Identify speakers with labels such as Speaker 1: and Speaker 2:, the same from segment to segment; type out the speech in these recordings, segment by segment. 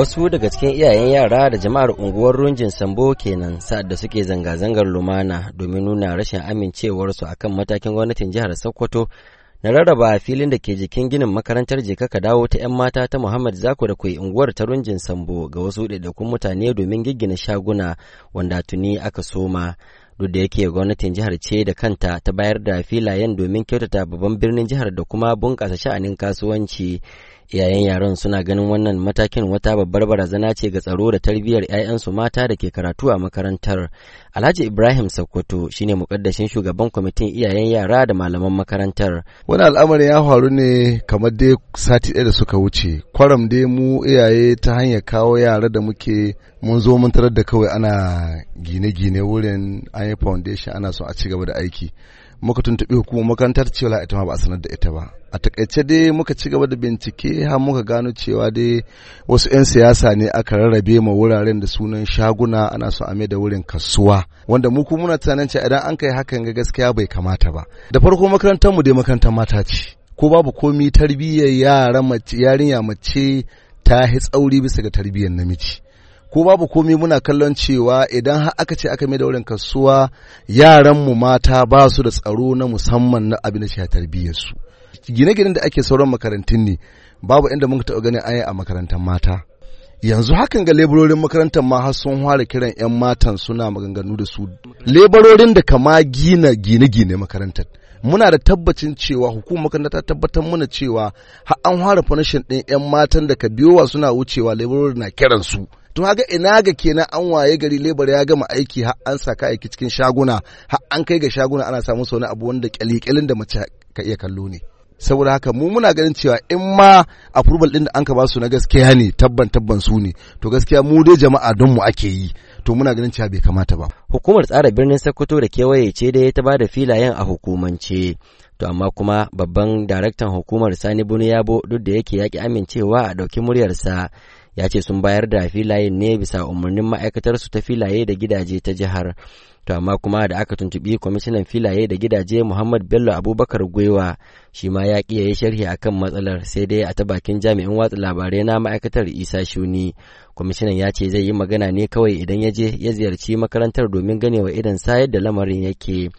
Speaker 1: wasu daga cikin iyayen yara da jama'ar unguwar runjin sambo kenan sa'ad da suke zanga-zangar lumana domin nuna rashin amincewarsu a kan matakin gwamnatin jihar sokoto na rarraba filin da ke jikin ginin makarantar jeka ka dawo ta 'yan mata ta muhammad zako da kai unguwar ta runjin sambo ga wasu ɗaiɗaikun mutane domin giggina shaguna wanda tuni aka soma duk da yake gwamnatin jihar ce da kanta ta bayar da filayen domin kyautata babban birnin jihar da kuma bunƙasa sha'anin kasuwanci Iyayen yaran suna ganin wannan matakin wata babbar barazana ce ga tsaro da tarbiyyar 'ya'yansu mata da ke karatu a makarantar. Alhaji Ibrahim Sokoto shine mukaddashin shugaban kwamitin iyayen yara da malaman makarantar. Wani al'amari
Speaker 2: ya faru ne kamar dai sati ɗaya da suka wuce. Kwaram dai mu iyaye ta hanyar kawo yara da muke mun zo mun tarar da kawai ana gine-gine wurin an yi foundation ana so a ci gaba da aiki. muka tuntuɓe hukumar makarantar cewa ita ma ba a sanar da ita ba a takaice dai muka ci gaba da bincike har muka gano cewa dai wasu 'yan siyasa ne aka rarrabe ma wuraren da sunan shaguna ana so a da wurin kasuwa wanda mu kuma muna tunanin cewa idan an kai hakan ga gaskiya bai kamata ba da farko makarantar mu dai makarantar mata ce ko babu komi tarbiyyar yara mace yarinya mace ta hi tsauri bisa ga tarbiyyar namiji ko babu komi muna kallon cewa idan har aka ce aka mai da wurin kasuwa yaran mu mata ba su da tsaro na musamman na abin da shi su. gine-ginen da ake sauran makarantun ne babu inda muka taɓa ganin ayi a makarantar mata yanzu hakan ga leburorin makarantar ma har sun fara kiran 'yan matan suna maganganu da su leburorin da kama gina gine-gine makarantar muna da tabbacin cewa hukumar makaranta ta tabbatar mana cewa har an fara punishing ɗin 'yan matan da ka biyo wa suna wucewa laborori na kiran su to haka ina ga kenan an waye gari lebar ya gama aiki har an saka aiki cikin shaguna har an kai ga shaguna ana samun wani abu wanda kyalikyalin da mace ka iya kallo ne saboda haka mu muna ganin cewa in ma approval din da an ka ba su na gaskiya ne tabban tabban su ne to gaskiya mu dai jama'a don mu ake yi to muna ganin cewa bai kamata ba
Speaker 1: hukumar tsara birnin Sokoto da kewaye ce da ya ta da filayen a hukumance to amma kuma babban daraktan hukumar Sani Bunu Yabo duk da yake yaki amincewa a dauki muryarsa ya ce sun bayar da filayen ne bisa umarnin ma'aikatar su ta filaye da gidaje ta jihar to kuma da aka tuntubi kwamishinan filaye da gidaje muhammad bello abubakar gwaiwa shi ma ya ƙi yayi sharhi akan matsalar sai dai a ta bakin jami'in watsa labarai na ma'aikatar isa shuni kwamishinan ya ce zai yi magana ne kawai idan ya je ya ziyarci makarantar domin ganewa idan sayar da lamarin yake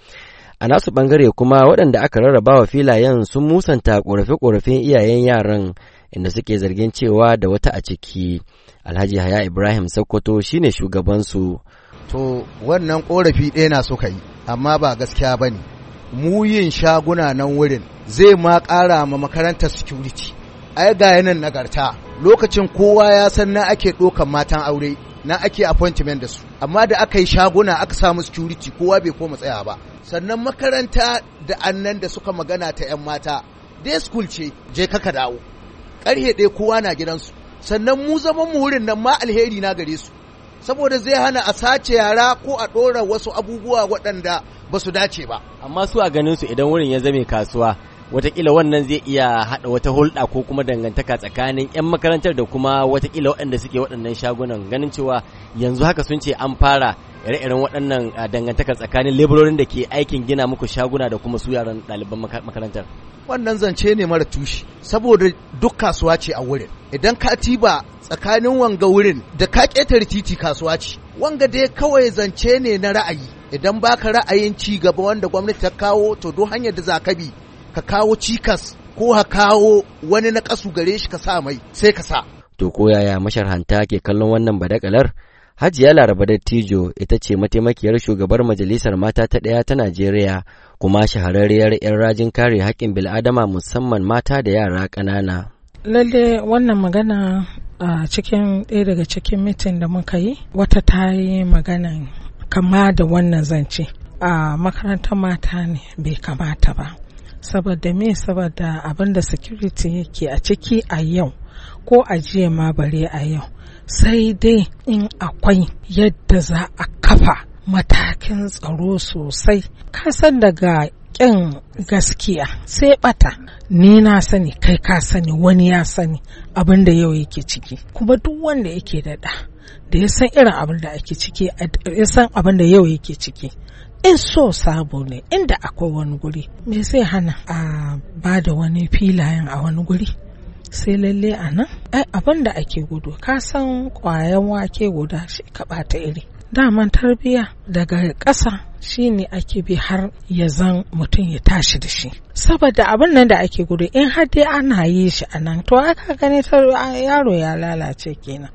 Speaker 1: a nasu bangare kuma waɗanda aka rarrabawa filayen sun musanta ƙorafe-ƙorafen iyayen yaran inda suke zargin cewa da wata a ciki alhaji haya ibrahim sokoto shine shugabansu
Speaker 3: to wannan korafi ɗaya na suka yi amma ba gaskiya ba ne mu yin shaguna nan wurin zai ma ƙara ma makarantar security ai ga yanan nagarta lokacin kowa ya san na ake ɗokan matan aure na ake appointment da su amma da aka yi shaguna aka samu security kowa bai koma tsaya ba sannan makaranta da annan da suka magana ta 'yan mata day school ce je kaka dawo ƙarhe ɗaya kowa na gidansu sannan mu zama mu wurin nan ma alheri na gare su saboda zai hana a sace yara ko a ɗora wasu abubuwa waɗanda ba su dace ba amma
Speaker 1: su a ganin su idan wurin ya zame kasuwa watakila wannan zai iya hada wata hulɗa ko kuma dangantaka tsakanin 'yan makarantar da kuma watakila waɗanda suke waɗannan shagunan ganin cewa yanzu haka sun ce an fara ire-iren waɗannan ah, dangantaka tsakanin leburorin da ke aikin gina muku shaguna da kuma su yaran ɗaliban makarantar
Speaker 3: wannan zance ne mara tushe saboda duk kasuwa ce a wurin idan ka tiba tsakanin wanga wurin da ka ƙetare titi kasuwa ce wanga dai kawai zance ne na ra'ayi idan baka ra'ayin ci gaba wanda gwamnati ta kawo to duk hanyar da za ka bi ka kawo cikas ko ka kawo wani na kasu gare shi ka sa mai sai ka sa.
Speaker 1: To ko yaya masharhanta ke kallon wannan badakalar? Hajiya Laraba Dattijo ita ce mataimakiyar shugabar Majalisar Mata ta ɗaya ta Najeriya kuma shahararriyar 'yan rajin kare haƙƙin bil'adama musamman mata da yara ƙanana.
Speaker 4: Lalle wannan magana a cikin ɗaya daga cikin mitin da muka yi wata ta yi magana kama da wannan zance. a makarantar mata ne bai kamata ba saboda me saboda abinda da security yake a ciki a yau ko a jiya ma bare a yau sai dai in akwai yadda za a kafa matakin tsaro sosai kasan daga ƙin gaskiya sai bata ni na sani kai ka sani wani ya sani abin yau yake ciki kuma duk wanda yake da da da ya san irin abin da ake ciki ya san abin yau yake ciki in so sabo ne inda akwai wani guri me zai hana a ba da wani filayen a wani guri sai lalle a nan abin da ake gudu ka san kwayan wake guda shi ka bata iri daman tarbiyya daga ƙasa shine ake bi har ya zan mutum ya tashi da shi saboda abin nan da ake gudu in har dai ana yi shi a nan to aka gani yaro ya lalace kenan